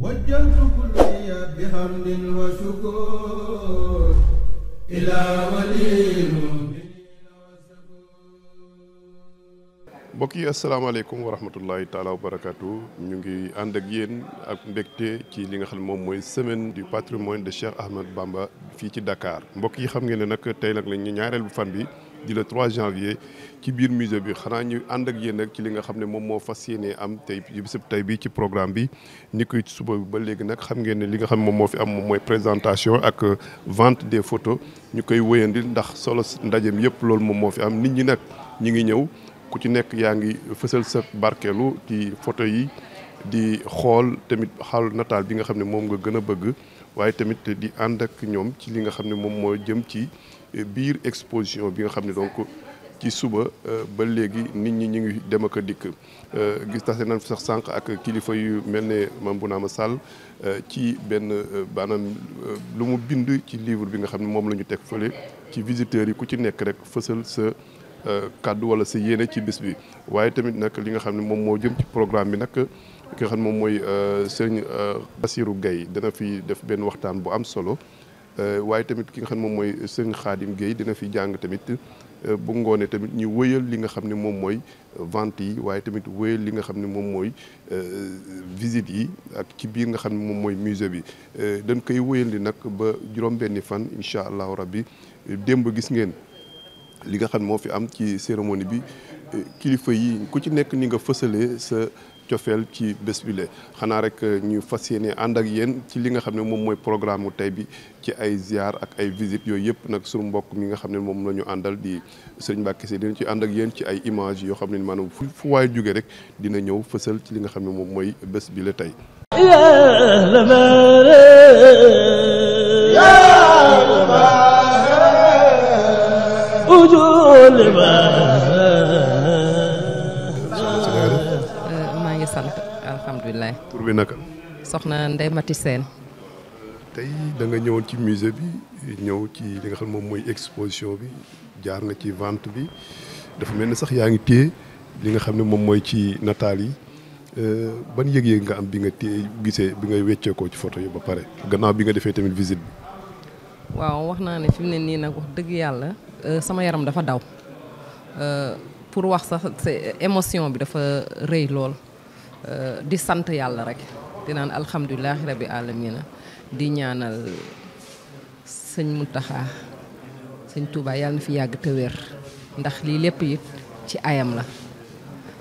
وجهت كلي بحمد وشكر إلى ولي mbokk yi asalaamaaleykum wa rahmatullahi taala wa barakaatu ñu ngi ànd ak yéen ak mbégte ci li nga xam ne moom mooy semaine du patrimoine de Cheikh Ahmed Bamba fii ci Dakar mbokk yi xam ngeen ne nag tey nag lañ ñaareel bu fan bi di le trois janvier ci biir musée bi xanaa ñu ànd ak yéen nag ci li nga xam ne moom moo fas yéenee am tey bisub tey bi ci programme bi ni koy suba ba léegi nag xam ngeen ne li nga xam ne moom moo fi am moom mooy présentation ak euh, vente des photos ñu koy wéyandi ndax solo ndajeem yëpp loolu moom moo fi am nit ñi nag ñi ngi ñëw ku ci nekk yaa ngi fësal sa barkeelu ci photo yi di xool tamit xaalu nataal bi nga xam ne moom nga gën a bëgg waaye tamit di ànd ak ñoom ci li nga xam ne moom moo jëm ci biir exposition bi nga xam ne donc ci suba euh, ba léegi nit ñi ñu ngi dem ak a dikk euh, gis tase nañ sax sànq ak kilifa yu mel ne Mame a Sall euh, ci benn maanaam lu mu bind ci livre bi nga xam ne moom la ñu teg fële ci visiteurs yi ku ci nekk rek fësal sa kàddu wala sa yéene ci bis bi waaye tamit nag li nga xam ne moom moo jëm ci programme bi nag ki nga xam ne moom mooy sëñ Bassirou Gueye dana fi def benn waxtaan bu am solo Euh, waaye tamit ki nga xam ne moom mooy sëriñ Xaadim Guèye dina fi jàng tamit euh, bu ngoonee tamit ñu wëyal li nga xam ne moom mooy euh, vente yi waaye tamit wëyal li nga xam ne moom mooy visite yi ak ci biir nga xam ne moom mooy musée bi dañ koy wëyal di nag ba juróom-benni fan incha allahu rabbi démb gis ngeen li nga xam ne moo fi am ci cérémonie bi kilifa yi ku ci nekk ni nga fësalee sa cofeel ci bés bi xanaa rek euh, ñuy fas yéene ànd ak yéen ci li nga xam ne moom mooy programme mu tey bi ci ay ziar ak ay visite yooyu yëpp nag suñu mbokk mi nga xam ne moom la ñu àndal di sëriñ Mbacke Sy dina ci ànd ak yéen ci ay image yoo xam ne maanaam fu fu waay jóge rek dina ñëw fësal ci li nga xam ne moom mooy bés bi tey alhamdulilah tur bi naka. soxna Ndeye Mati Sène. tey da nga ñëwoon ci musée bi ñëw ci li nga xam moom mooy exposition bi jaar na ci vente bi dafa mel ni sax yaa ngi téye li nga xam ne moom mooy ci nataal yi euh, ban yëg-yëg nga am bi nga téye gisee bi nga wecceekoo ci photo yi ba pare gannaaw bi nga defee tamit visite bi. waaw wax naa ne fi mu ne nii nag dëgg yàlla euh, sama yaram dafa daw euh, pour wax sax émotion bi dafa rëy lool. Euh, di sant yàlla rekk dinaan naan alhamdulilahi rabi alamina di ñaanal sëñ mu Muntaxa sëñ Touba yàlla na fi yàgg te wér ndax lii lépp it ci ayam la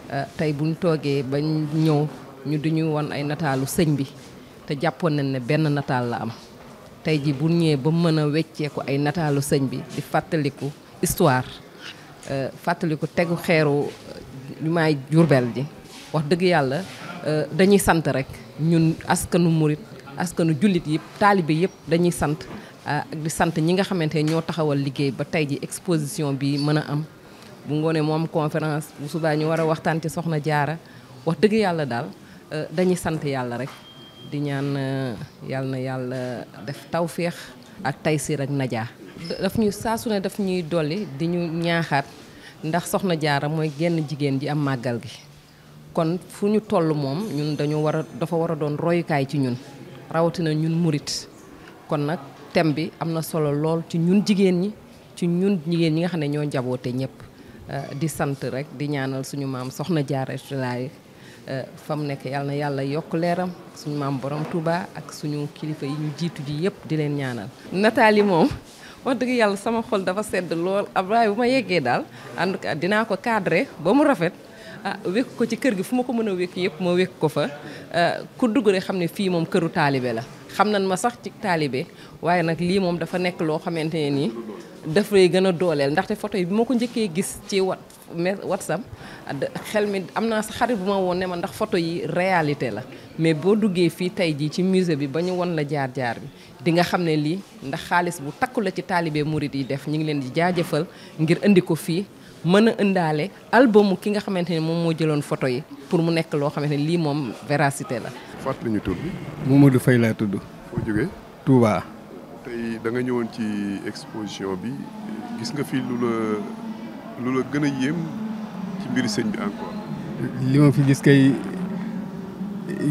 euh, tey buñ toogee ba ñëw ñu di ñu won ay nataalu sëñ bi te jàppoon nañ ne benn nataal la am tey ji bu ñëwee ba mën a wecceeku ay nataalu sëñ bi di fàttaliku histoire euh, fàttaliku tegu xeeru ñu may Jurbel ji wax dëgg yàlla euh, dañuy sant rek ñun askanu murit askanu jullit yëpp taalibe yëpp dañuy sant euh, ak di sant ñi nga xamante ñoo taxawal liggéey ba tey ji exposition bi mën a am bu ngoonee moo am conférence bu subaa ñu war a waxtaan ci soxna jaara wax dëgg yàlla daal euh, dañuy sant yàlla rek di ñaan yàlla na yàlla def tawféex ak taysiir ak najaa daf ñuy saa su ne daf ñuy dolli di ñu ñaaxaat ndax soxna jaara mooy genn jigéen ji am màggal gi kon fu ñu toll moom ñun dañu war a dafa war a doon royukaay ci ñun rawatina ñun murit kon nag thème bi am na solo lool ci ñun jigéen ñi ci ñun jigéen ñi nga xam ne ñoo njaboote ñëpp euh, di sant rek di ñaanal suñu maam soxna Jaara Laay euh, fa mu nekk yàlla na yàlla yokk leeram suñu maam borom Touba ak suñu kilifa yi ñu jiitu ji yëpp di leen ñaanal. nataal yi moom wax dëgg yàlla sama xol dafa sedd lool ab bu ma yeggee daal en tout dinaa ko cadré ba mu rafet. ah wékk ko ci kër gi fu ma ko mën a wékk yëpp ma wékk ko fa ah, ku dugg xam ne fii moom këru taalibe la xam nañ ma sax ci taalibe waaye nag lii moom dafa nekk loo xamante ne nii dafay gën a dooleel ndaxte photo yi bi ma ko njëkkee gis ci wat WhatsApp xel mi am naa sa xarit bu ma woon ne ma ndax foto yi réalité la mais boo duggee fii tey jii ci musée bi ba ñu won la jaar-jaar bi di xam ne lii ndax xaalis bu takku la ci taalibe murit yi def ñu ngi leen di jaajëfal ngir indi ko fii mën a indaale album ki nga xamante ni moom moo jëloon photo yi pour mu nekk loo xamante ni lii moom véracité la. fàttali ñu tur bi. Momadou Faye laa tudd. foo jógee. Touba. tey da nga ñëwoon ci exposition bi gis nga fi lu la lu la gën a yéem ci mbiri sëñ bi encore. li ma fi gis kay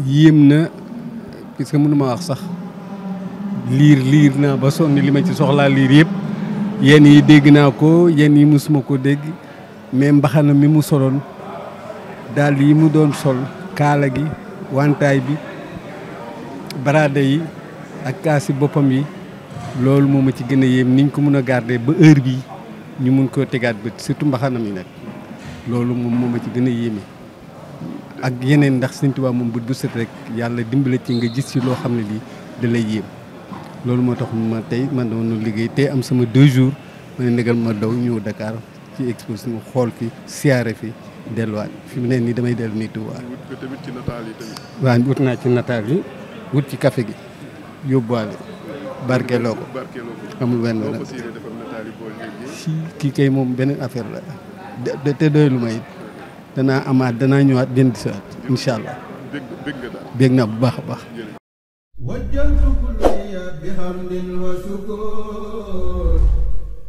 yéem na parce que mënuma wax sax liir liir naa ba sonni li ma ci soxlaa liir yëpp. yenn yi dégg naa ko yenn yi mësuma koo dégg mais mbaxana mi mu soloon dàll yi mu doon sol kaala gi wantaay bi baraada yi ak kaasi boppam yi loolu moom ma ci gën a yéem niñ ko mën a garder ba heure bi ñu mën koo tegaat bët surtout mbaxana mi nag loolu moom moo ma ci gën a yéeme ak yeneen ndax Sëñ Tuubaa moom bët rek yàlla dimbale ci nga gis ci loo xam ne lii da lay loolu moo tax ma tey man dama doon liggéey tey am sama deux jours ma ne négal ma daw ñëw Dakar ci exposition xool fi siyaare fi delluwaat fi mu ne nii damay dellu nit Touba. wut nataal wut naa ci nataal yi wut ci kafe gi yóbbuwaale barkeeloo ko amul benn affaire la de te doylu ma danaa amaat danaa ñëwaat dindi saat incha allah. bëgg nga daal naa bu baax a baax. وجهت كلي بحمد وشكر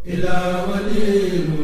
إلى ولي